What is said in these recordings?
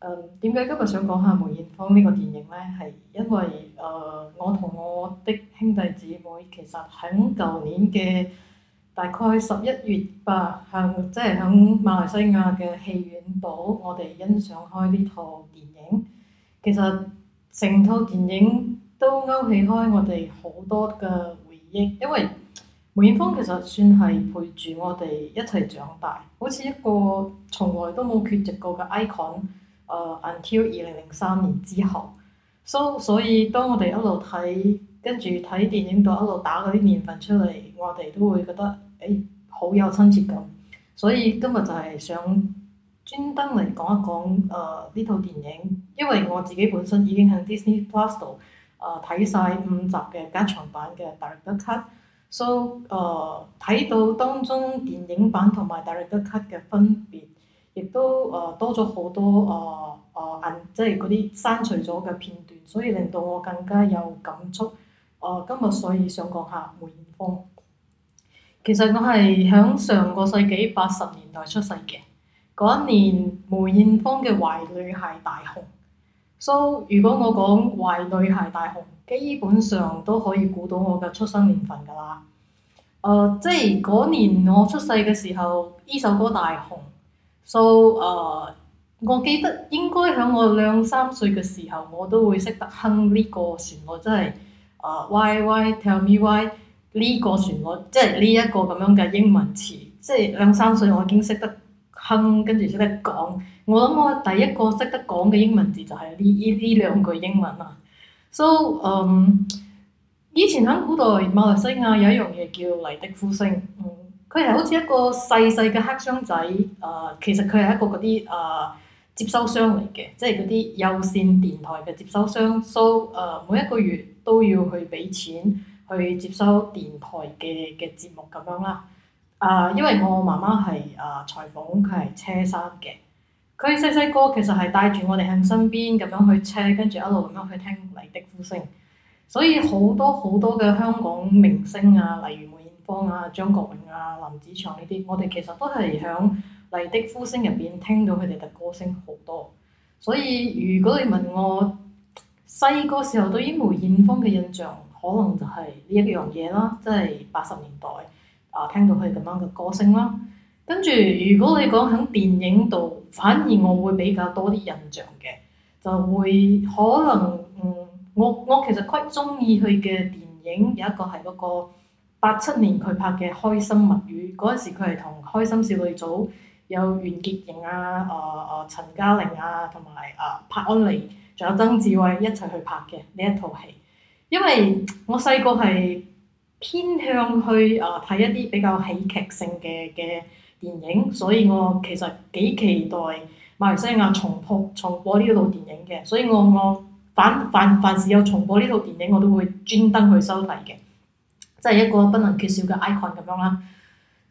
誒，點解今日想講下梅艷芳呢個電影呢？係因為誒、呃、我同我的兄弟姐妹其實喺舊年嘅大概十一月吧，即係響馬來西亞嘅戲院度，我哋欣賞開呢套電影。其實成套電影都勾起開我哋好多嘅回憶，因為梅艷芳其實算係陪住我哋一齊長大，好似一個從來都冇缺席過嘅 icon。誒、uh, until 二零零三年之後，so 所、so, 以當我哋一路睇跟住睇電影到一路打嗰啲年份出嚟，我哋都會覺得誒、哎、好有親切感。所、so, 以今日就係想專登嚟講一講誒呢套電影，因為我自己本身已經喺 Disney Plus 度睇晒五集嘅加長版嘅、so, 呃《Director Cut》，so 誒睇到當中電影版同埋《Director Cut》嘅分別。亦都誒多咗好多誒誒銀，即係嗰啲刪除咗嘅片段，所以令到我更加有感觸。誒、呃、今日所以想講下梅艷芳。其實我係響上個世紀八十年代出世嘅，嗰一年梅艷芳嘅壞女孩大紅。所、so, 以如果我講壞女孩大紅，基本上都可以估到我嘅出生年份㗎啦。誒、呃、即係嗰年我出世嘅時候，呢首歌大紅。so 誒、uh,，我記得應該響我兩三歲嘅時候，我都會識得哼呢個旋律，即係誒、uh, why why tell me why 呢個旋律，即係呢一個咁樣嘅英文詞，即係兩三歲我已經識得哼，跟住識得講，我諗我第一個識得講嘅英文字就係呢呢呢兩句英文啦。so 嗯、um,，以前響古代馬來西亞有一樣嘢叫麗的呼聲。佢係好似一個細細嘅黑箱仔，誒、呃，其實佢係一個嗰啲誒接收箱嚟嘅，即係嗰啲有線電台嘅接收箱。so 誒、呃，每一個月都要去俾錢去接收電台嘅嘅節目咁樣啦。誒、呃，因為我媽媽係誒裁縫，佢、呃、係車衫嘅，佢細細個其實係帶住我哋喺身邊咁樣去車，跟住一路咁樣去聽麗的呼聲。所以好多好多嘅香港明星啊，例如，方啊，張國榮啊，林子祥呢啲，我哋其實都係響《麗的呼聲》入邊聽到佢哋嘅歌聲好多。所以如果你問我細個時候對於梅艷芳嘅印象，可能就係呢一樣嘢啦，即係八十年代啊聽到佢咁樣嘅歌聲啦。跟住如果你講喺電影度，反而我會比較多啲印象嘅，就會可能嗯，我我其實幾中意佢嘅電影有一個係嗰個。八七年佢拍嘅《開心物語》，嗰陣時佢係同《開心少女組》有袁潔瑩啊、啊、呃、啊、呃、陳嘉玲啊，同埋啊柏安妮，仲有曾志偉一齊去拍嘅呢一套戲。因為我細個係偏向去啊睇、呃、一啲比較喜劇性嘅嘅電影，所以我其實幾期待馬來西亞重播重播呢套電影嘅，所以我我反反反凡凡凡是有重播呢套電影，我都會專登去收睇嘅。即係一個不能缺少嘅 icon 咁樣啦。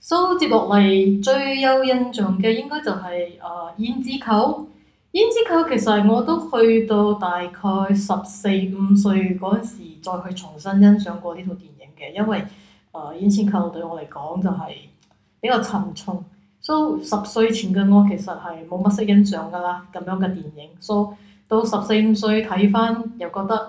So 接落嚟最有印象嘅應該就係、是、誒、呃《胭脂扣》。《胭脂扣》其實我都去到大概十四五歲嗰陣時再去重新欣賞過呢套電影嘅，因為誒、呃《胭脂扣》對我嚟講就係比較沉重。So 十歲前嘅我其實係冇乜識欣賞㗎啦，咁樣嘅電影。So 到十四五歲睇返又覺得。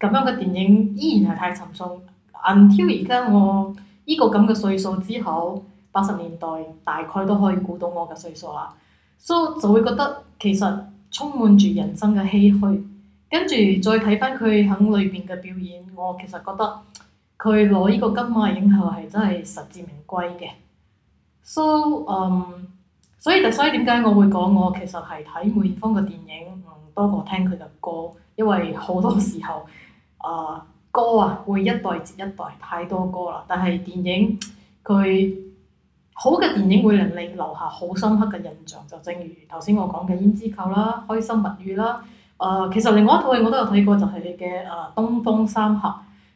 咁樣嘅電影依然係太沉重。until 而家我呢個咁嘅歲數之後，八十年代大概都可以估到我嘅歲數啦。so 就會覺得其實充滿住人生嘅唏噓。跟住再睇翻佢喺裏邊嘅表演，我其實覺得佢攞呢個金馬影後係真係實至名歸嘅。so 嗯、um,，所以就所以點解我會講我其實係睇梅艷芳嘅電影，嗯多過聽佢嘅歌，因為好多時候。 啊、uh, 歌啊會一代接一代太多歌啦，但係電影佢好嘅電影會令你留下好深刻嘅印象，就正如頭先我講嘅《胭脂扣》啦，《開心物語》啦。Uh, 其實另外一套戲我都有睇過就你，就係嘅啊《東方三俠》，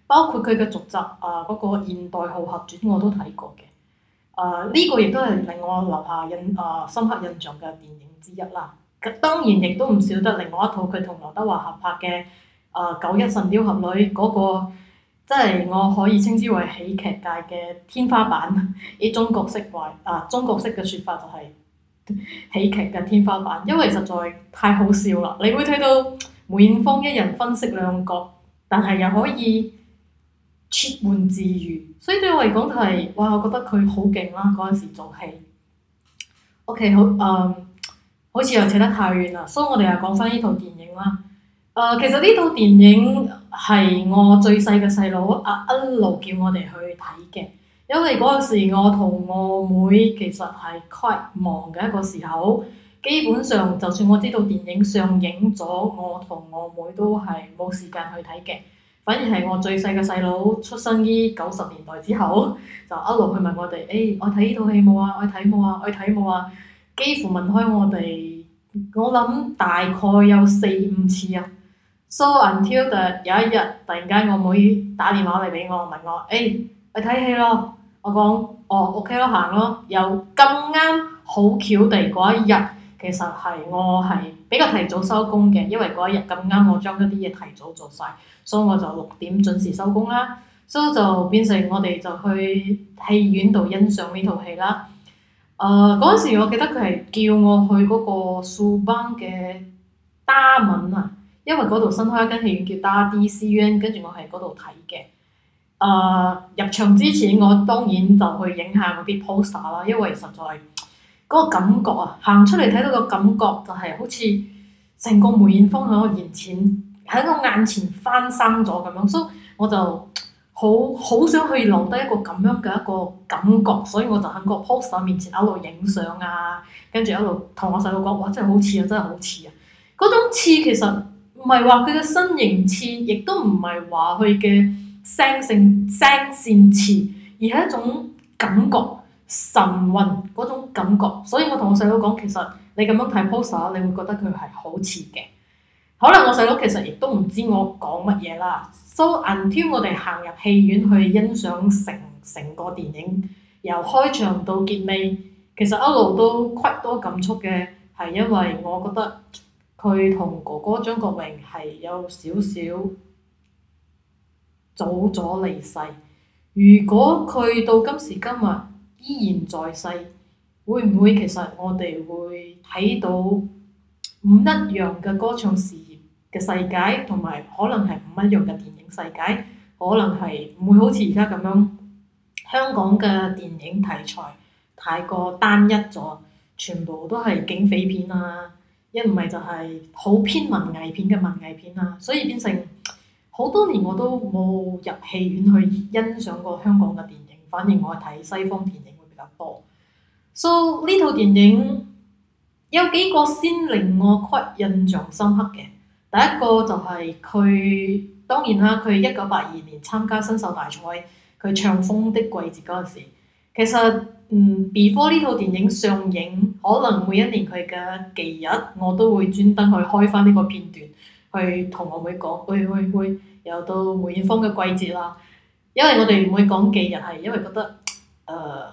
包括佢嘅續集啊嗰個《現代豪俠傳》我，我都睇過嘅。啊，呢個亦都係令我留下印啊、uh, 深刻印象嘅電影之一啦。咁當然亦都唔少得另外一套佢同劉德華合拍嘅。啊、呃！九一神雕俠侶嗰、那個，即係我可以稱之為喜劇界嘅天花板，以中國式話啊，中國式嘅説法就係喜劇嘅天花板，因為實在太好笑啦！你會睇到梅艷芳一人分飾兩角，但係又可以切換自如，所以對我嚟講就係哇，我覺得佢好勁啦！嗰陣時做戲，OK 好啊、嗯，好似又扯得太遠啦，所以我哋又講翻呢套電影啦。呃、其實呢套電影係我最細嘅細佬一路叫我哋去睇嘅，因為嗰陣時我同我妹其實係 quite 忙嘅一個時候，基本上就算我知道電影上映咗，我同我妹都係冇時間去睇嘅。反而係我最細嘅細佬出生於九十年代之後，就一路去問我哋：誒、哎，我睇呢套戲冇啊？我睇冇啊？我睇冇啊？幾乎問開我哋，我諗大概有四五次啊！So until there，有一日，突然間我妹打電話嚟畀我，問我：誒去睇戲咯？我講：哦，OK 咯，行咯。又咁啱好巧地嗰一日，其實係我係比較提早收工嘅，因為嗰一日咁啱我將一啲嘢提早做晒，所以我就六點準時收工啦。所以就變成我哋就去戲院度欣賞呢套戲啦。誒嗰陣時，我記得佢係叫我去嗰個數邦嘅搭文啊。因為嗰度新開一間戲院叫 Daddy CN 跟住我喺嗰度睇嘅。誒、呃、入場之前，我當然就去影下嗰啲 poster 啦，因為實在嗰、那個感覺啊，行出嚟睇到個感覺就係好似成個梅艷芳喺我眼前喺我眼前翻生咗咁樣，所以我就好好想去留低一個咁樣嘅一個感覺，所以我就喺個 poster 面前一路影相啊，跟住一路同我細佬講：哇，真係好似啊，真係好似啊！嗰種似其實～唔係話佢嘅身形似，亦都唔係話佢嘅聲性聲線似，而係一種感覺，神韻嗰種感覺。所以我同我細佬講，其實你咁樣睇 poster，你會覺得佢係好似嘅。可能我細佬其實亦都唔知我講乜嘢啦。So until 我哋行入戲院去欣賞成成個電影，由開場到結尾，其實一路都 quite 多感觸嘅，係因為我覺得。佢同哥哥張國榮係有少少早咗離世。如果佢到今時今日依然在世，會唔會其實我哋會睇到唔一樣嘅歌唱事業嘅世界，同埋可能係唔一樣嘅電影世界，可能係唔會好似而家咁樣，香港嘅電影題材太過單一咗，全部都係警匪片啊。一唔係就係好偏文藝片嘅文藝片啊，所以變成好多年我都冇入戲院去欣賞過香港嘅電影，反而我係睇西方電影會比較多。So 呢套電影有幾個先令我印象深刻嘅，第一個就係佢，當然啦，佢一九八二年參加新秀大賽，佢唱《風的季節》嗰陣時。其實，嗯，before 呢套電影上映，可能每一年佢嘅忌日，我都會專登去開翻呢個片段，去同我妹講，喂喂喂，又到梅艷芳嘅季節啦。因為我哋唔會講忌日，係因為覺得，誒、呃，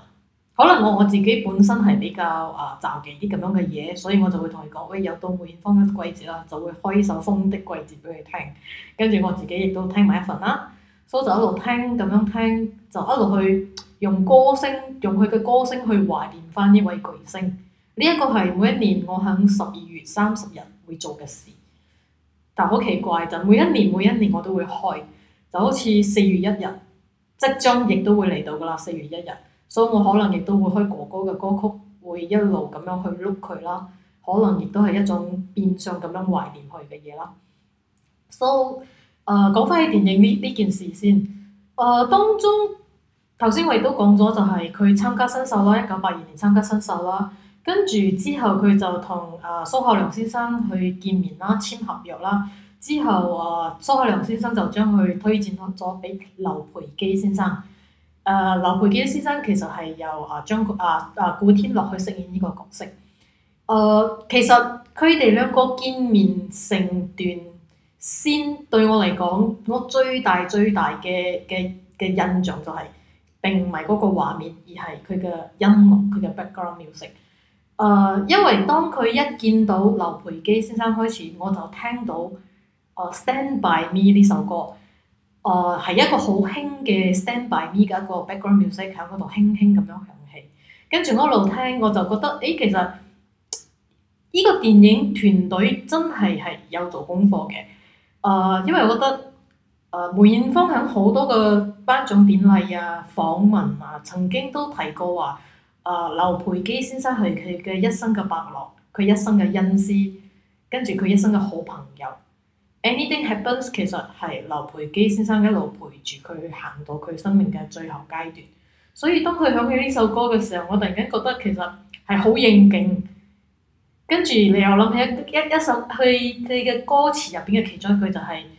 可能我我自己本身係比較啊習、呃、忌啲咁樣嘅嘢，所以我就會同佢講，喂，又到梅艷芳嘅季節啦，就會開首《風的季節》俾佢聽，跟住我自己亦都聽埋一份啦。所、so, 以就一路聽咁樣聽，就一路去。用歌聲，用佢嘅歌聲去懷念翻呢位巨星。呢一個係每一年我喺十二月三十日會做嘅事。但好奇怪就每一年每一年我都會開，就好似四月一日，即將亦都會嚟到噶啦。四月一日，所以我可能亦都會開哥哥嘅歌曲，會一路咁樣去碌佢啦。可能亦都係一種變相咁樣懷念佢嘅嘢啦。So，誒講翻起電影呢呢件事先，誒、uh, 當中。頭先我亦都講咗，就係佢參加新秀啦，一九八二年參加新秀啦，跟住之後佢就同啊蘇浩良先生去見面啦，簽合約啦。之後啊，呃，蘇浩良先生就將佢推薦咗畀劉培基先生。誒、呃，劉培基先生其實係由啊張國啊啊古天樂去飾演呢個角色。誒、呃，其實佢哋兩個見面成段先，對我嚟講，我最大最大嘅嘅嘅印象就係、是。並唔係嗰個畫面，而係佢嘅音樂，佢嘅 background music。誒，因為當佢一見到劉培基先生開始，我就聽到誒 uh，《Stand By Me》呢首歌。誒、uh，係一個好興嘅《Stand By Me》嘅、那、一個 background music 喺嗰度輕輕咁樣響起，跟住我一路聽我就覺得，誒、欸、其實呢個電影團隊真係係有做功課嘅。誒、uh，因為我覺得。呃、梅艷芳響好多個頒獎典禮啊、訪問啊，曾經都提過話，誒、呃、劉培基先生係佢嘅一生嘅伯樂，佢一生嘅恩師，跟住佢一生嘅好朋友。Anything happens 其實係劉培基先生一路陪住佢行到佢生命嘅最後階段，所以當佢響起呢首歌嘅時候，我突然間覺得其實係好應景。跟住你又諗起一一,一首佢嘅歌詞入邊嘅其中一句就係、是，誒、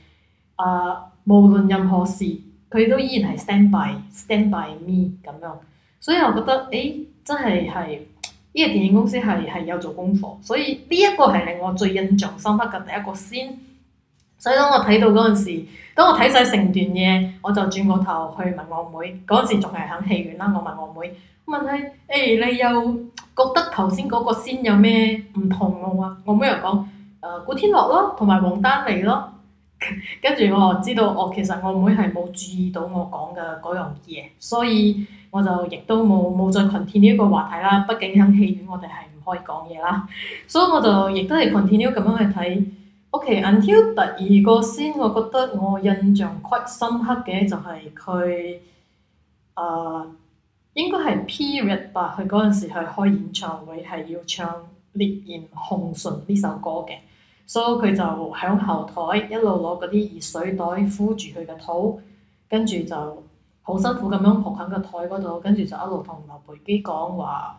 呃。無論任何事，佢都依然係 stand by，stand by me 咁樣，所以我覺得，誒、哎、真係係呢個電影公司係係有做功課，所以呢一、這個係令我最印象深刻嘅第一個先。所以當我睇到嗰陣時，當我睇晒成段嘢，我就轉個頭去問我妹，嗰陣時仲係喺戲院啦。我問我妹，問佢，誒、哎、你又覺得頭先嗰個仙有咩唔同啊？我話我妹又講，誒、呃、古天樂咯，同埋王丹妮咯。跟住 我就知道我，我其實我妹係冇注意到我講嘅嗰樣嘢，所以我就亦都冇冇再 continue 呢一個話題啦。畢竟喺戲院，我哋係唔可以講嘢啦，所以我就亦都係 continue 咁樣去睇。OK，until 第二個先，我覺得我印象 quite 深刻嘅就係佢誒應該係 period 吧，佢嗰陣時去開演唱會，係要唱《烈焰紅唇》呢首歌嘅。所以佢就喺後台一路攞嗰啲熱水袋敷住佢嘅肚，跟住就好辛苦咁樣撲喺個台嗰度，跟住就一路同劉培基講話，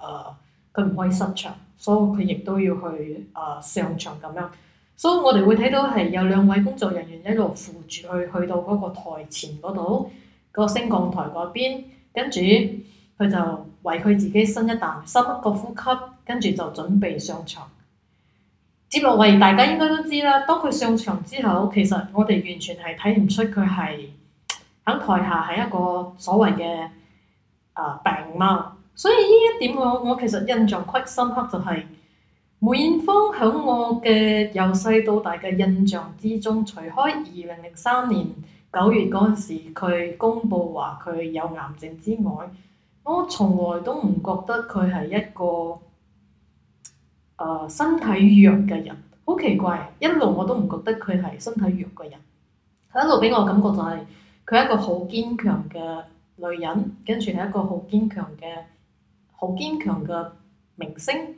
誒佢唔可以失場，所以佢亦都要去誒、呃、上場咁樣。所、so，以我哋會睇到係有兩位工作人員一路扶住佢去到嗰個台前嗰度，個升降台嗰邊，跟住佢就為佢自己伸一啖，深一個呼吸，跟住就準備上場。接落嚟，大家應該都知啦。當佢上場之後，其實我哋完全係睇唔出佢係喺台下係一個所謂嘅、呃、病貓。所以呢一點我我其實印象深刻就係梅艷芳響我嘅由細到大嘅印象之中，除開二零零三年九月嗰陣時佢公佈話佢有癌症之外，我從來都唔覺得佢係一個。誒、呃、身體弱嘅人，好奇怪，一路我都唔覺得佢係身體弱嘅人。佢一路俾我感覺就係、係、佢一個好堅強嘅女人，跟住係一個好堅強嘅、好堅強嘅明星，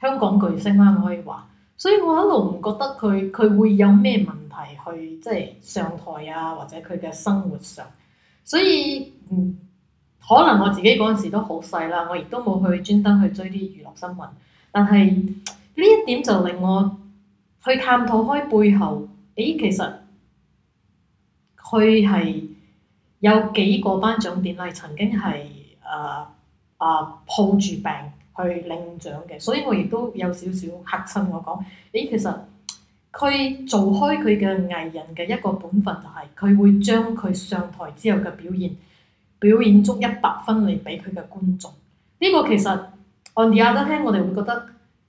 香港巨星啦，我可以話。所以我一路唔覺得佢佢會有咩問題去即係上台啊，或者佢嘅生活上。所以、嗯、可能我自己嗰陣時都好細啦，我亦都冇去專登去追啲娛樂新聞。但係呢一點就令我去探討開背後，誒，其實佢係有幾個頒獎典禮曾經係誒誒抱住病去領獎嘅，所以我亦都有少少嚇親。我講，誒，其實佢做開佢嘅藝人嘅一個本分就係佢會將佢上台之後嘅表現，表演足一百分嚟俾佢嘅觀眾，呢個其實。Hand, 我哋有得聽，我哋會覺得，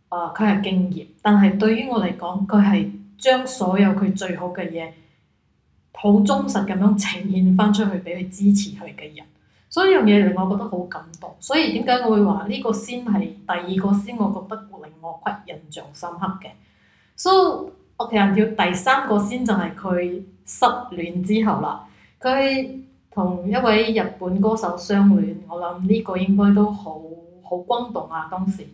啊、呃，佢係敬業。但係對於我嚟講，佢係將所有佢最好嘅嘢，好忠實咁樣呈現返出去俾佢支持佢嘅人。所以呢樣嘢令我覺得好感動。所以點解我會話呢、這個 scene 係第二個 scene，我覺得令我係印象深刻嘅。所以我嘅下條第三個 scene 就係佢失戀之後啦。佢同一位日本歌手相戀，我諗呢個應該都好。好轟動啊！當時，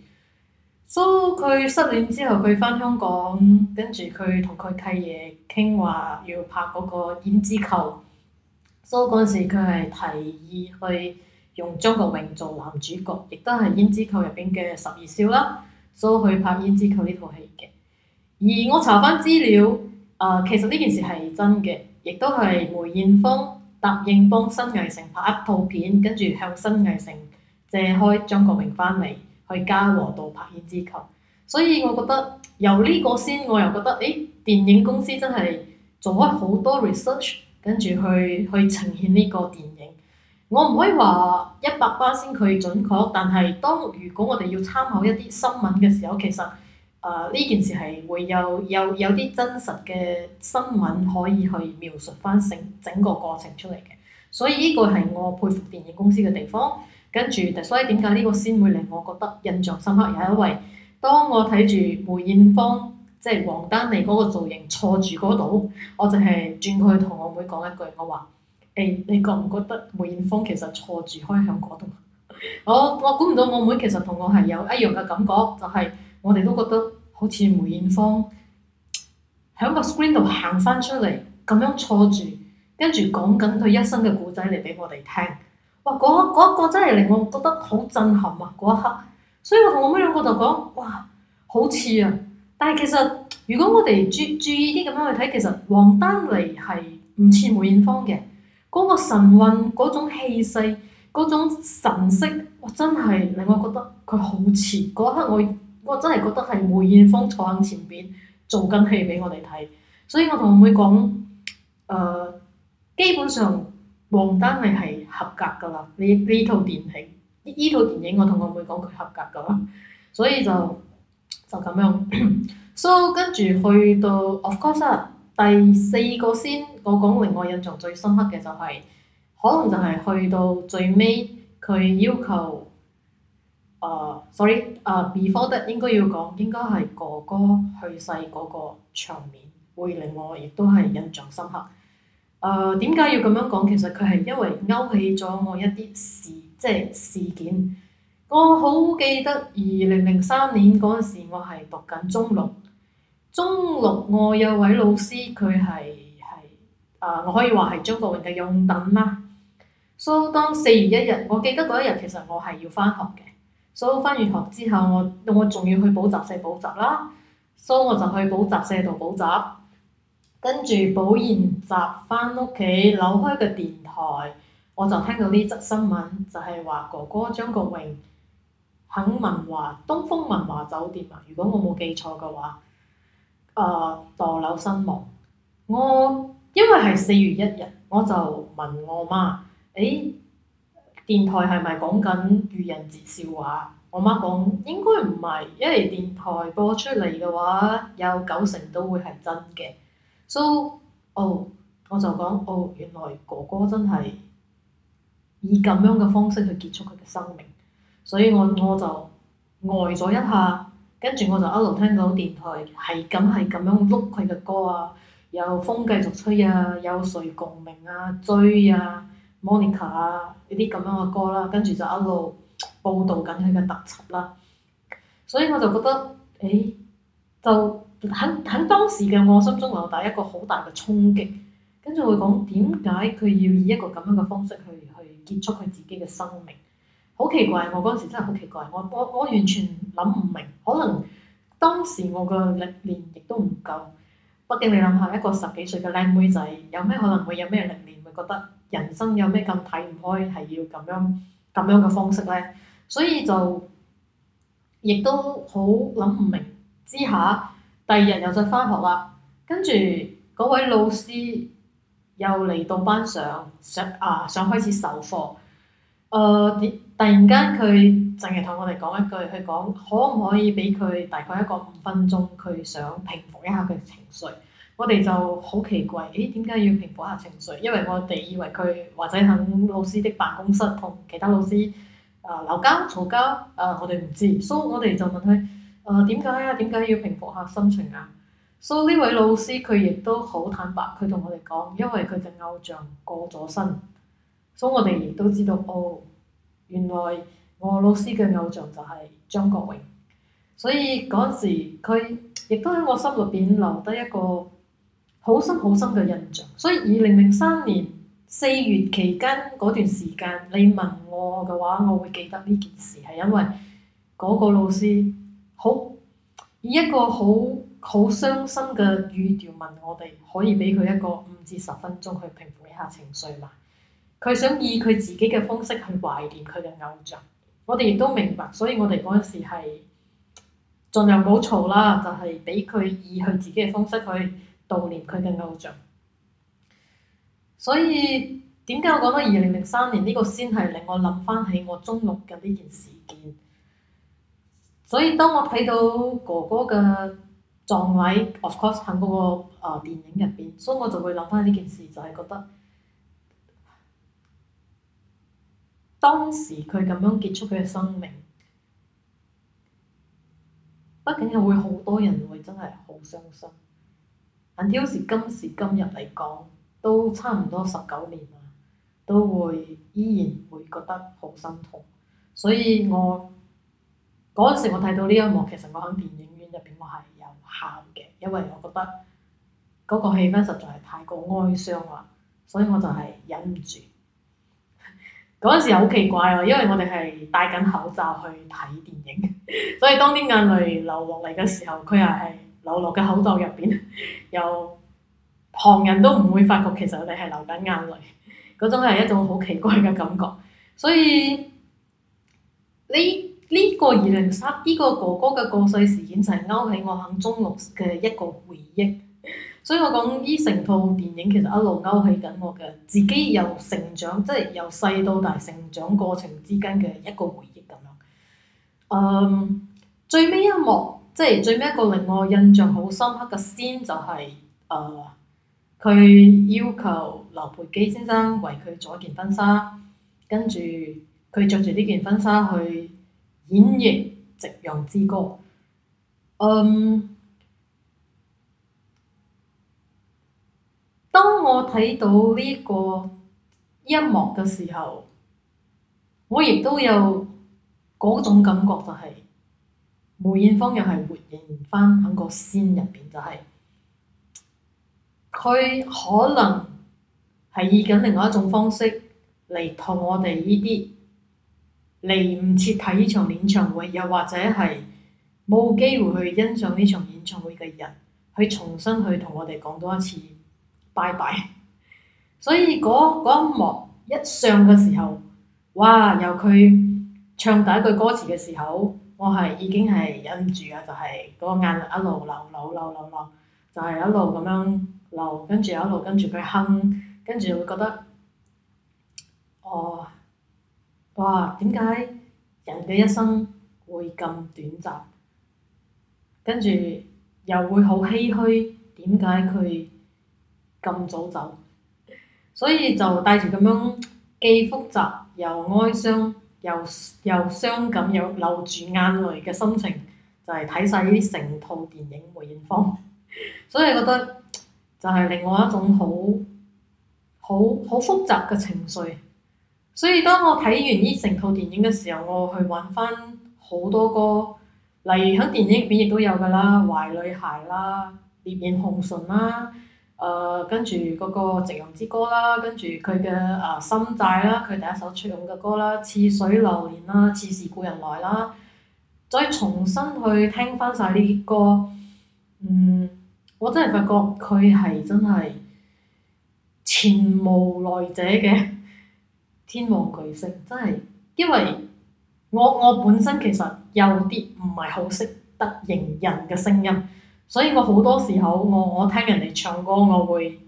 所以佢失戀之後，佢翻香港，跟住佢同佢契爺傾話，話要拍嗰、嗰個《胭脂扣》。所以嗰陣時，佢係提議去用張國榮做男主角，亦都係《胭脂扣》入邊嘅十二少啦。所以去拍《胭脂扣》呢套戲嘅。而我查翻資料，誒、呃、其實呢件事係真嘅，亦都係梅艷芳答應幫新藝城拍一套片，跟住向新藝城。借開張國榮翻嚟去嘉禾度拍《胭脂扣》，所以我覺得由呢個先，我又覺得誒電影公司真係做開好多 research，跟住去去呈現呢個電影。我唔可以話一百巴仙佢準確，但係當如果我哋要參考一啲新聞嘅時候，其實誒呢、呃、件事係會有有有啲真實嘅新聞可以去描述翻成整，整個過程出嚟嘅。所以呢個係我佩服電影公司嘅地方。跟住，所以點解呢個 scene 會令我覺得印象深刻？係因為當我睇住梅艷芳即係、就是、王丹妮嗰個造型坐住嗰度，我就係轉過去同我妹講一句，我話：誒、欸，你覺唔覺得梅艷芳其實坐住開向嗰度？我我估唔到我妹、妹其實同我係有一樣嘅感覺，就係、是、我哋都覺得好似梅艷芳喺個 screen 度行翻出嚟，咁樣坐住，跟住講緊佢一生嘅故仔嚟畀我哋聽。哇！嗰、嗰個嗰個真係令我覺得好震撼啊！嗰一刻，所以我同我妹兩個就講：哇，好似啊！但係其實如果我哋注注意啲咁樣去睇，其實王丹妮係唔似梅艷芳嘅。嗰、嗰個神韻、嗰種氣勢、嗰種，種神色，我真係令我覺得佢好似，嗰一刻我，我我真係覺得係梅艷芳坐喺前邊做緊戲俾我哋睇。所以我同我妹講：誒、呃，基本上王丹妮係合格㗎喇，呢呢套電影，呢套電影我同我妹講佢合格㗎喇，所以就就咁樣。 So 跟住去到，Of course、uh, 第四個先，我講令我印象最深刻嘅就係、是，可能就係去到最尾佢要求，誒、uh,，sorry、uh, before that 應該要講應該係哥哥去世嗰個場面，會令我亦都係印象深刻。誒，點解要咁樣講？其實佢係因為勾起咗我一啲事，即係事件。我好記得二零零三年嗰陣時，我係讀緊中六。中六我有位老師，佢係係誒，我可以話係張國榮嘅擁躉啦。所以當四月一日，我記得嗰一日其實我係要返學嘅，所以返完學之後，我我仲要去補習社補習啦。所以我就去補習社度補習。跟住補完習翻屋企扭開嘅電台，我就聽到呢則新聞，就係話哥哥張國榮肯文華東方文華酒店啊，如果我冇記錯嘅話，啊，墮樓身亡。我因為係四月一日，我就問我媽：誒，電台係咪講緊愚人節笑話？我媽講，應該唔係，因為電台播出嚟嘅話，有九成都會係真嘅。So，哦，我就講，哦，原來哥哥真係以咁樣嘅方式去結束佢嘅生命，所以我我就呆咗一下，跟住我就一路聽到電台係咁係咁樣碌佢嘅歌啊，有風繼續吹啊，有誰共鳴啊，追啊，Monica 啊，呢啲咁樣嘅歌啦，跟住就一路報導緊佢嘅特輯啦，所以我就覺得，誒，就。喺喺當時嘅我心中留底一個好大嘅衝擊，跟住會講點解佢要以一個咁樣嘅方式去去結束佢自己嘅生命？好奇怪！我嗰陣時真係好奇怪，我我我完全諗唔明。可能當時我嘅歷練亦都唔夠。畢竟你諗下，一個十幾歲嘅靚妹仔，有咩可能會有咩歷練，會覺得人生有咩咁睇唔開，係要咁樣咁樣嘅方式咧？所以就亦都好諗唔明之下。第二日又再返學啦，跟住嗰位老師又嚟到班上，上啊想開始授課。誒、呃、突然間佢淨係同我哋講一句，佢講可唔可以俾佢大概一個五分鐘，佢想平復一下佢情緒。我哋就好奇怪，誒，點解要平復下情緒？因為我哋以為佢或者喺老師的辦公室同其他老師啊鬧交、嘈、呃、交。誒、呃、我哋唔知，所、so, 以我哋就問佢。誒點解啊？點解要平復下心情啊？所以呢位老師佢亦都好坦白，佢同我哋講，因為佢嘅偶像過咗身，所以我哋亦都知道，哦，原來我老師嘅偶像就係張國榮，所以嗰陣時佢亦都喺我心裏邊留得一個好深好深嘅印象。所以二零零三年四月期間嗰段時間，你問我嘅話，我會記得呢件事，係因為嗰個老師。好，以一個好好傷心嘅語調問我哋，可以俾佢一個五至十分鐘去平復一下情緒嘛？佢想以佢自己嘅方式去懷念佢嘅偶像。我哋亦都明白，所以我哋嗰時係盡量唔好嘈啦，就係俾佢以佢自己嘅方式去悼念佢嘅偶像。所以點解我講到二零零三年呢個先係令我諗翻起我中六嘅呢件事件？所以當我睇到哥哥嘅葬禮，of course 喺嗰個啊電影入邊，所以我就會諗翻呢件事，就係覺得當時佢咁樣結束佢嘅生命，畢竟又會好多人會真係好傷心，但挑時今時今日嚟講，都差唔多十九年啦，都會依然會覺得好心痛，所以我。嗰陣時我睇到呢一幕，其實我喺電影院入邊我係有喊嘅，因為我覺得嗰個氣氛實在係太過哀傷啦，所以我就係忍唔住。嗰陣時好奇怪喎，因為我哋係戴緊口罩去睇電影，所以當啲眼淚流落嚟嘅時候，佢又係流落嘅口罩入邊，又旁人都唔會發覺其實我哋係流緊眼淚，嗰種係一種好奇怪嘅感覺。所以你。呢個二零三呢個哥哥嘅過世事件就係、是、勾起我喺中六嘅一個回憶，所以我講呢成套電影其實一路勾起緊我嘅自己由成長，即係由細到大成長過程之間嘅一個回憶咁樣。嗯，最尾一幕即係最尾一個令我印象好深刻嘅先、就是，就係誒佢要求劉培基先生為佢做一件婚紗，跟住佢着住呢件婚紗去。演繹《夕陽之歌》。嗯，當我睇到呢一個音樂嘅時候，我亦都有嗰種感覺、就是，就係梅艷芳又係活現翻喺個心入邊，就係佢可能係以緊另外一種方式嚟同我哋呢啲。嚟唔切睇呢場演唱會，又或者係冇機會去欣賞呢場演唱會嘅人，去重新去同我哋講多一次拜拜。所以嗰一幕一上嘅時候，哇！由佢唱第一句歌詞嘅時候，我係已經係忍唔住啊！就係嗰個眼淚一路流流流流流，就係一路咁樣流，跟住一路跟住佢哼，跟住會覺得哦。哇！點解人嘅一生會咁短暫？跟住又會好唏噓，點解佢咁早走？所以就帶住咁樣既複雜又哀傷又又傷感又流住眼淚嘅心情，就係睇晒呢啲成套電影梅艷芳。所以覺得就係另外一種好好好複雜嘅情緒。所以當我睇完呢成套電影嘅時候，我去揾翻好多歌，例如喺電影入面亦都有噶啦，《壞女孩》啦，《烈焰紅唇》啦，誒跟住嗰個《夕陽之歌》啦，跟住佢嘅誒《心債》啦，佢第一首唱嘅歌啦，《似水流年》啦，《似是故人來》啦，再重新去聽翻晒呢啲歌，嗯，我真係發覺佢係真係前無來者嘅。天王巨星真係，因為我我本身其實有啲唔係好識得認人嘅聲音，所以我好多時候我我聽人哋唱歌，我會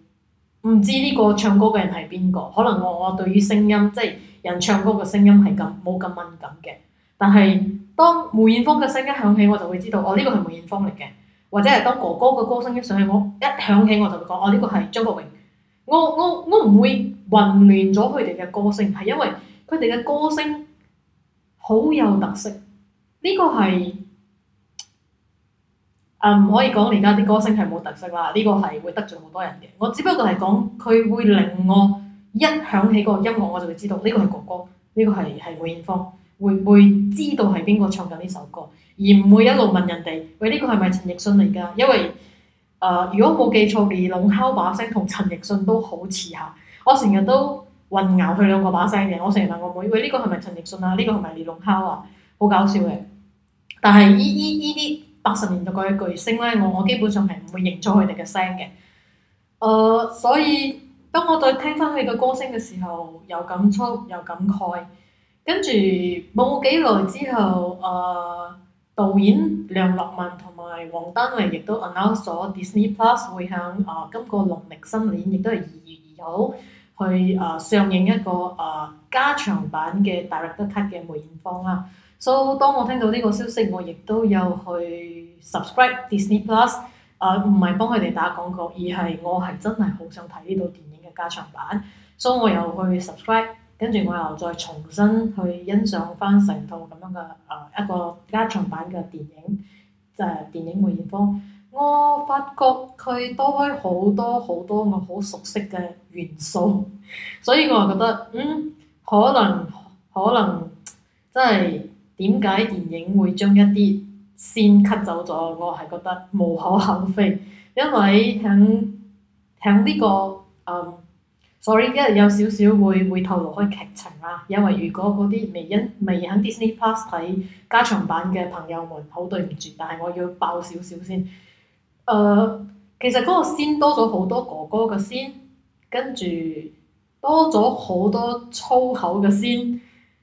唔知呢個唱歌嘅人係邊個。可能我我對於聲音即係人唱歌嘅聲音係咁冇咁敏感嘅。但係當梅艷芳嘅聲音響起，我就會知道哦，呢個係梅艷芳嚟嘅。或者係當哥哥嘅歌聲一響起，我一響起我就會講哦，呢個係張國榮。我我我唔會。混亂咗佢哋嘅歌聲，係因為佢哋嘅歌聲好有特色。呢個係啊，唔可以講而家啲歌星係冇特色啦。呢個係會得罪好多人嘅。我只不過係講佢會令我一響起個音樂，我就會知道呢個係哥哥，呢個係係梅艷芳，會唔會知道係邊個唱緊呢首歌，而唔會一路問人哋喂，呢個係咪陳奕迅嚟㗎？因為啊、呃，如果冇記錯，李龍敲把聲同陳奕迅都好似下。我成日都混淆佢兩個把聲嘅，我成日問我妹：喂，呢個係咪陳奕迅啊？呢個係咪李龍標啊？好搞笑嘅。但係依依依啲八十年代嘅巨星咧，我我基本上係唔會認出佢哋嘅聲嘅。誒、呃，所以當我再聽翻佢嘅歌聲嘅時候，又感觸，又感慨。跟住冇幾耐之後，誒、呃，導演梁樂民同埋黃丹維亦都 announce 咗 Disney Plus 會響誒、呃、今個農曆新年亦都係二。好去啊、呃，上映一個啊加長版嘅《Director Cut》嘅梅豔芳啦，所、so, 以當我聽到呢個消息，我亦都有去 subscribe Disney Plus、呃。啊，唔係幫佢哋打廣告，而係我係真係好想睇呢套電影嘅加長版，所、so, 以我又去 subscribe，跟住我又再重新去欣賞翻成套咁樣嘅啊、呃、一個加長版嘅電影，就係、是、電影梅豔芳。我發覺佢多開好多好多我好熟悉嘅元素，所以我就覺得，嗯，可能可能真係點解電影會將一啲線吸走咗？我係覺得無可厚非，因為喺喺呢個誒、嗯、，sorry 一有少少會會透露開劇情啦。因為如果嗰啲未因未喺 Disney Plus 睇加長版嘅朋友們，好對唔住，但係我要爆少少先。誒、呃，其實嗰個戲多咗好多哥哥嘅戲，跟住多咗好多粗口嘅戲，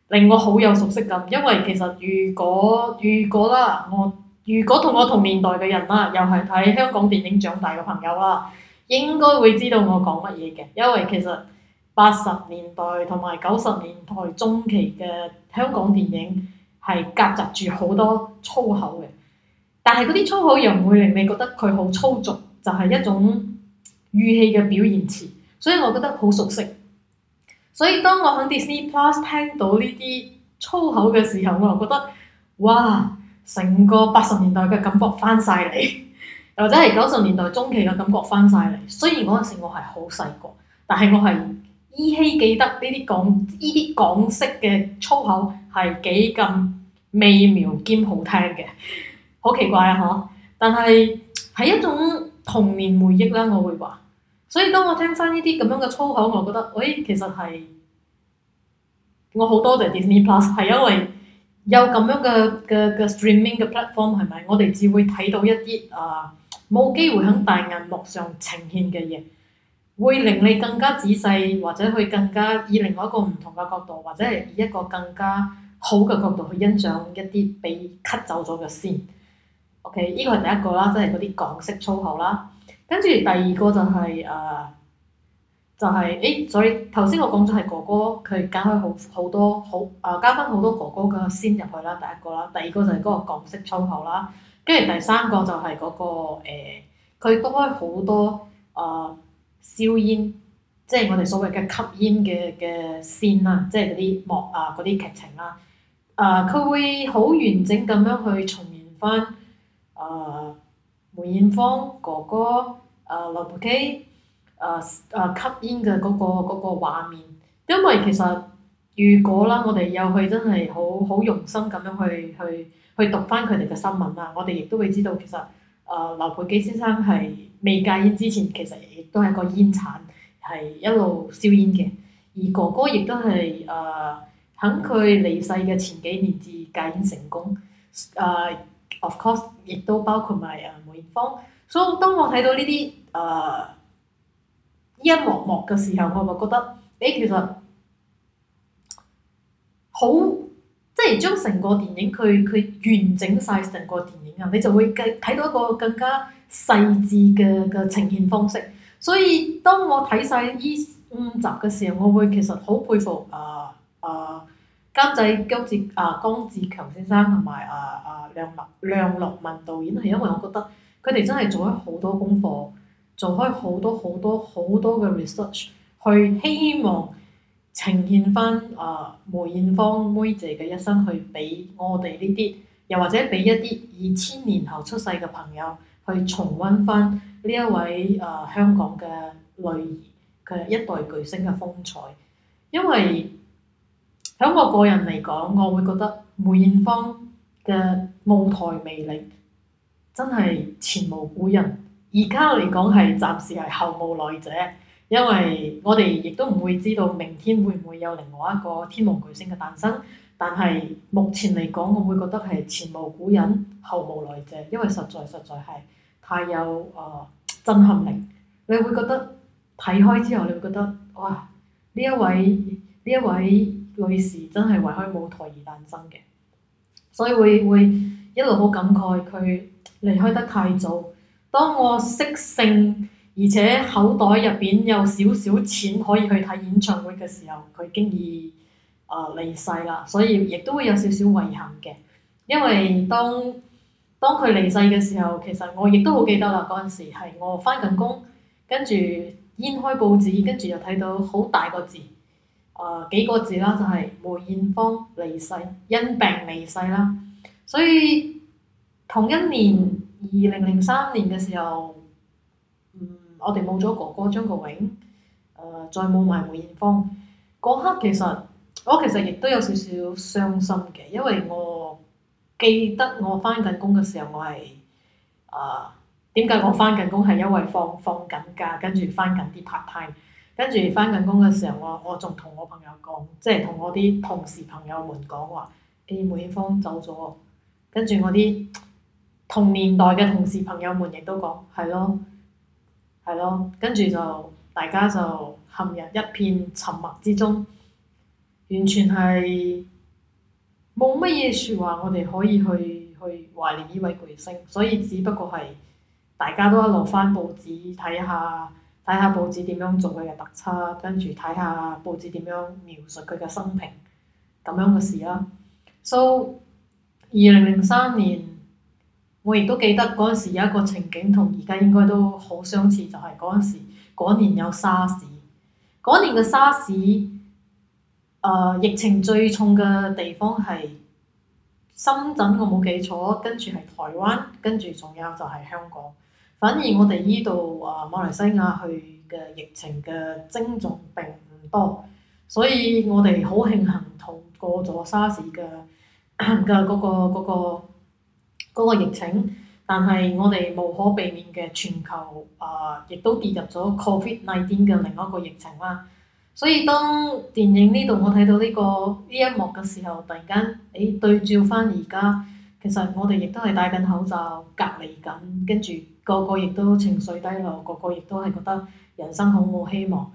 令我好有熟悉感。因為其實如果如果啦，我如果同我同年代嘅人啦、啊，又係睇香港電影長大嘅朋友啦、啊，應該會知道我講乜嘢嘅。因為其實八十年代同埋九十年代中期嘅香港電影係夾雜住好多粗口嘅。但係嗰啲粗口又唔會令你覺得佢好粗俗，就係一種語氣嘅表現詞，所以我覺得好熟悉。所以當我喺 Disney Plus 聽到呢啲粗口嘅時候，我又覺得哇，成個八十年代嘅感覺翻晒嚟，或者係九十年代中期嘅感覺翻晒嚟。雖然嗰陣時我係好細個，但係我係依稀記得呢啲講呢啲港式嘅粗口係幾咁美妙兼好聽嘅。好奇怪啊！嗬，但係，係一種童年回憶啦，我會話。所以當我聽翻呢啲咁樣嘅粗口，我覺得，喂、哎，其實係我好多謝 Disney Plus 係因為有咁樣嘅嘅嘅 streaming 嘅 platform 係咪？我哋只會睇到一啲啊冇機會喺大銀幕上呈現嘅嘢，會令你更加仔細或者去更加以另外一個唔同嘅角度，或者係以一個更加好嘅角度去欣賞一啲畀 cut 走咗嘅先。OK，呢個係第一個啦，即係嗰啲港式粗口啦。跟住第二個就係、是、誒、呃，就係、是、誒。所以頭先我講咗係哥哥，佢加開好好多好誒，加翻好多哥哥嘅線入去啦。第一個啦，第二個就係嗰個港式粗口啦。跟住第三個就係嗰、嗰個佢、呃、多開好多誒燒煙，即係我哋所謂嘅吸煙嘅嘅線啊，即係啲幕啊嗰啲劇情啦。誒、呃，佢會好完整咁樣去重現翻。梅、uh, 艷芳哥哥誒、uh, 劉培基誒誒、uh, 啊、吸煙嘅嗰、那個嗰畫、那個、面，因為其實如果啦，我哋有去真係好好用心咁樣去去去，去讀返佢哋嘅新聞啦，我哋亦都會知道其實誒、uh, 劉培基先生係未戒煙之前其實亦都係個煙鏟，係一路燒煙嘅，而哥哥亦都係誒喺佢離世嘅前幾年至戒煙成功誒。Uh, Of course，亦都包括埋啊梅艷芳，所以、so, 當我睇到呢啲誒依一幕幕嘅時候，我就覺得，誒其實好，即係將成個電影佢佢完整晒成個電影啊，你就會嘅睇到一個更加細緻嘅嘅呈現方式。所以當我睇晒呢五集嘅時候，我會其實好佩服啊啊！呃監製江志啊，江志強先生同埋啊啊梁樂文導演，係因為我覺得佢哋真係做咗好多功課，做開好多好多好多嘅 research，去希望呈現翻啊梅艷芳梅姐嘅一生，去俾我哋呢啲，又或者俾一啲二千年後出世嘅朋友去重溫翻呢一位啊香港嘅女兒佢嘅一代巨星嘅風采，因為。喺我個人嚟講，我會覺得梅艷芳嘅舞台魅力真係前無古人，而家嚟講係暫時係後無來者。因為我哋亦都唔會知道明天會唔會有另外一個天王巨星嘅誕生。但係目前嚟講，我會覺得係前無古人，後無來者，因為實在實在係太有啊、呃、震撼力。你會覺得睇開之後，你會覺得哇！呢一位，呢一位。女士真係為開舞台而誕生嘅，所以會會一路好感慨佢離開得太早。當我識性而且口袋入邊有少少錢可以去睇演唱會嘅時候，佢經已啊離世啦，所以亦都會有少少遺憾嘅。因為當當佢離世嘅時候，其實我亦都好記得啦。嗰陣時係我返緊工，跟住掀開報紙，跟住又睇到好大個字。啊、呃、幾個字啦，就係、是、梅艷芳離世，因病離世啦。所以同一年二零零三年嘅時候，嗯、我哋冇咗哥哥張國榮、呃，再冇埋梅艷芳。嗰刻其實我其實亦都有少少傷心嘅，因為我記得我翻緊工嘅時候，我係啊點解我翻緊工係因為放放緊假，跟住翻緊啲 part time。跟住返緊工嘅時候，我我仲同我朋友講，即係同我啲同事朋友們講話，誒梅艷芳走咗。跟住我啲同年代嘅同事朋友們亦都講，係咯，係咯。跟住就大家就陷入一片沉默之中，完全係冇乜嘢説話，我哋可以去去懷念呢位巨星。所以只不過係大家都一路翻報紙睇下。睇下報紙點樣做佢嘅特輯，跟住睇下報紙點樣描述佢嘅生平，咁樣嘅事啦。So，二零零三年，我亦都記得嗰陣時有一個情景，同而家應該都好相似，就係嗰陣時嗰年有沙士，嗰年嘅沙士，誒疫情最重嘅地方係深圳，我冇記錯，跟住係台灣，跟住仲有就係香港。反而我哋呢度啊，馬來西亞去嘅疫情嘅症狀並唔多，所以我哋好慶幸逃過咗沙士嘅嘅嗰個嗰個、嗰個、嗰個嗰個疫情，但係我哋無可避免嘅全球啊，亦都跌入咗 COVID nineteen 嘅另一個疫情啦。所以當電影呢度我睇到呢、呢個呢一幕嘅時候，突然間，誒、欸、對照翻而家。其實我哋亦都係戴緊口罩隔離緊，跟住個個亦都情緒低落，個個亦都係覺得人生好冇希望，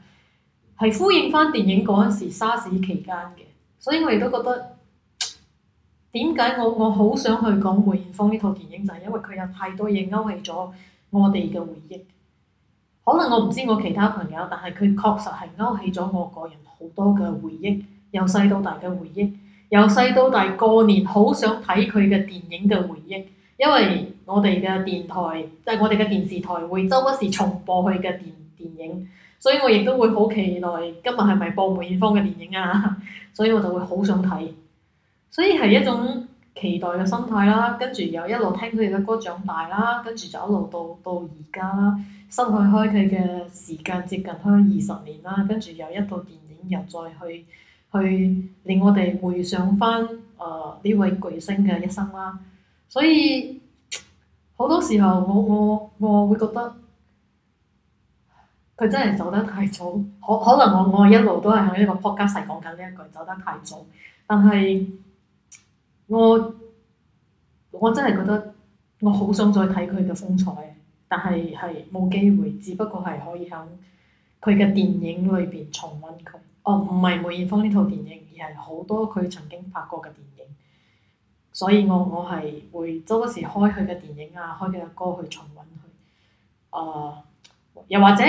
係呼應翻電影嗰陣時沙士期間嘅，所以我亦都覺得點解我我好想去講梅艷芳呢套電影，就係因為佢有太多嘢勾起咗我哋嘅回憶，可能我唔知我其他朋友，但係佢確實係勾起咗我個人好多嘅回憶，由細到大嘅回憶。由細到大過年好想睇佢嘅電影嘅回憶，因為我哋嘅電台即係我哋嘅電視台會周不時重播佢嘅電電影，所以我亦都會好期待今日係咪播梅艷芳嘅電影啊，所以我就會好想睇，所以係一種期待嘅心態啦。跟住又一路聽佢嘅歌長大啦，跟住就一路到到而家啦。失去咗佢嘅時間接近開二十年啦，跟住又一套電影又再去。去令我哋回想翻，誒、呃、呢位巨星嘅一生啦。所以好多時候我，我我我會覺得佢真係走得太早。可可能我我一路都係喺呢個 podcast 講緊呢一句走得太早。但係我我真係覺得我好想再睇佢嘅風采，但係係冇機會，只不過係可以響佢嘅電影裏邊重溫佢。哦，唔係梅艷芳呢套電影，而係好多佢曾經拍過嘅電影。所以我我係會周時開佢嘅電影啊，開佢嘅歌去重温佢。誒、呃，又或者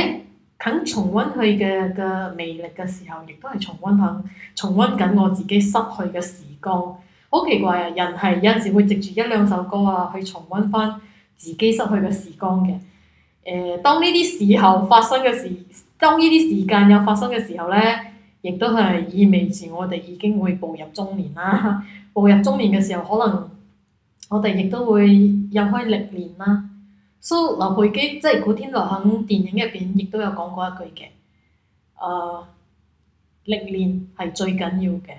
肯重温佢嘅嘅魅力嘅時候，亦都係重温緊，重温緊我自己失去嘅時光。好奇怪啊！人係有陣時會藉住一兩首歌啊，去重温翻自己失去嘅時光嘅。誒、呃，當呢啲時候發生嘅時，當呢啲時間又發生嘅時候咧。亦都係意味住我哋已經會步入中年啦。 步入中年嘅時候，可能我哋亦都會有開歷練啦。所以劉培基即係古天樂喺電影入邊亦都有講過一句嘅，誒、歷練係最緊要嘅。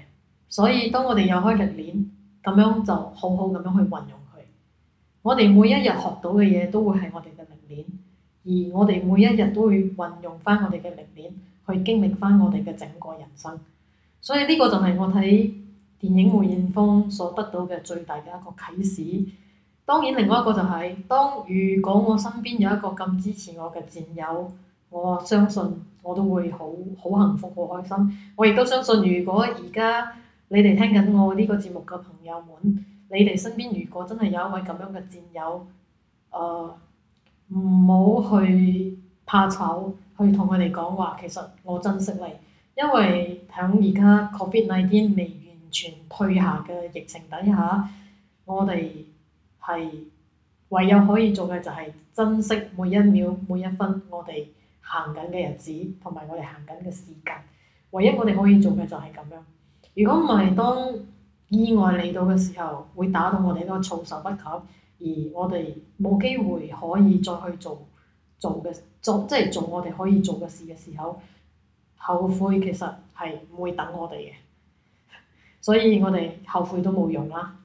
所以當我哋有開歷練，咁樣就好好咁樣去運用佢。我哋每一日學到嘅嘢都會係我哋嘅歷練，而我哋每一日都會運用翻我哋嘅歷練。去經歷翻我哋嘅整個人生，所以呢個就係我睇電影《梅艷芳》所得到嘅最大嘅一個啟示。當然，另外一個就係，當如果我身邊有一個咁支持我嘅戰友，我相信我都會好好幸福、好開心。我亦都相信，如果而家你哋聽緊我呢個節目嘅朋友們，你哋身邊如果真係有一位咁樣嘅戰友，呃，唔好去怕醜。去同佢哋講話，其實我珍惜你，因為喺而家確必那啲未完全退下嘅疫情底下，我哋係唯有可以做嘅就係珍惜每一秒每一分我哋行緊嘅日子，同埋我哋行緊嘅時間。唯一我哋可以做嘅就係咁樣。如果唔係，當意外嚟到嘅時候，會打到我哋都措手不及，而我哋冇機會可以再去做。做嘅做即係做我哋可以做嘅事嘅時候，後悔其實係唔會等我哋嘅，所以我哋後悔都冇用啦。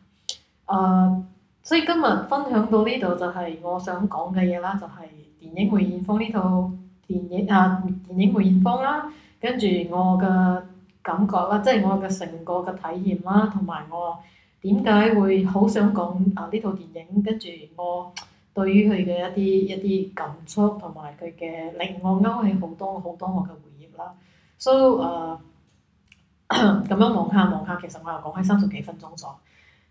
啊，uh，所以今日分享到呢度就係我想講嘅嘢啦，就係電影《梅艷芳》呢套電影啊，電影《梅艷芳》啦，跟住我嘅感覺啦，即係我嘅成個嘅體驗啦，同埋我點解會好想講啊呢套電影，跟住我。對於佢嘅一啲一啲感觸同埋佢嘅令我勾起好多好多我嘅回憶啦，所以誒咁樣望下望下，其實我又講開三十幾分鐘咗，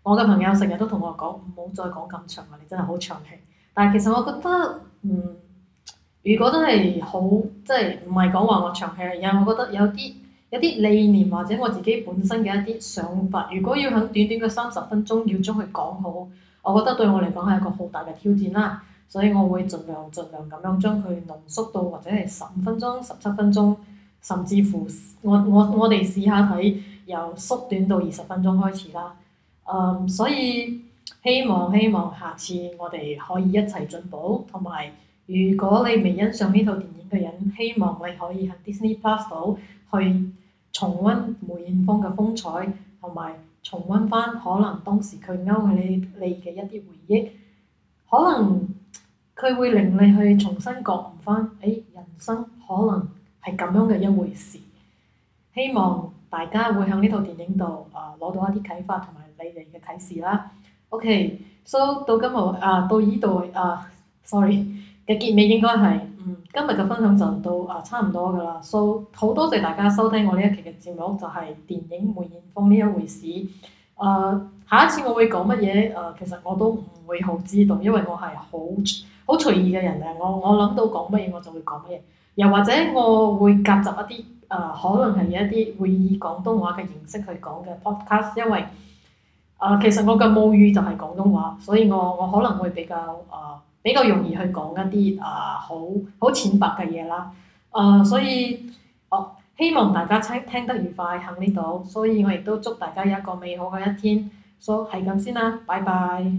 我嘅朋友成日都同我講唔好再講咁長啦，你真係好長氣。但係其實我覺得，嗯，如果真係好，即係唔係講話我長氣，而係我覺得有啲有啲理念或者我自己本身嘅一啲想法，如果要喺短短嘅三十分鐘要將佢講好。我覺得對我嚟講係一個好大嘅挑戰啦，所以我會盡量盡量咁樣將佢濃縮到或者係十五分鐘、十七分鐘，甚至乎我我我哋試下睇由縮短到二十分鐘開始啦。嗯、um，所以希望希望下次我哋可以一齊進步，同埋如果你未欣賞呢套電影嘅人，希望你可以喺 Disney Plus 度去重温梅艷芳嘅風采同埋。重溫翻可能當時佢勾起你嘅一啲回憶，可能佢會令你去重新覺悟翻，誒、哎、人生可能係咁樣嘅一回事。希望大家會向呢套電影度啊攞到一啲啟發同埋你哋嘅啟示啦。OK，so、okay, 到今日啊到呢度啊，sorry 嘅結尾應該係。嗯、今日嘅分享就到啊，差唔多㗎喇。收、so, 好多謝大家收聽我呢一期嘅節目，就係、是、電影梅艷芳呢一回事。啊、呃，下一次我會講乜嘢？啊、呃，其實我都唔會好知道，因為我係好好隨意嘅人啊。我我諗到講乜嘢我就會講乜嘢，又或者我會夾雜一啲啊、呃，可能係一啲會以廣東話嘅形式去講嘅 Podcast，因為啊、呃，其實我嘅母語就係廣東話，所以我我可能會比較啊。呃比較容易去講一啲啊好好淺白嘅嘢啦，誒、呃、所以我、哦、希望大家聽聽得愉快喺呢度，所以我亦都祝大家有一個美好嘅一天，所係咁先啦，拜拜。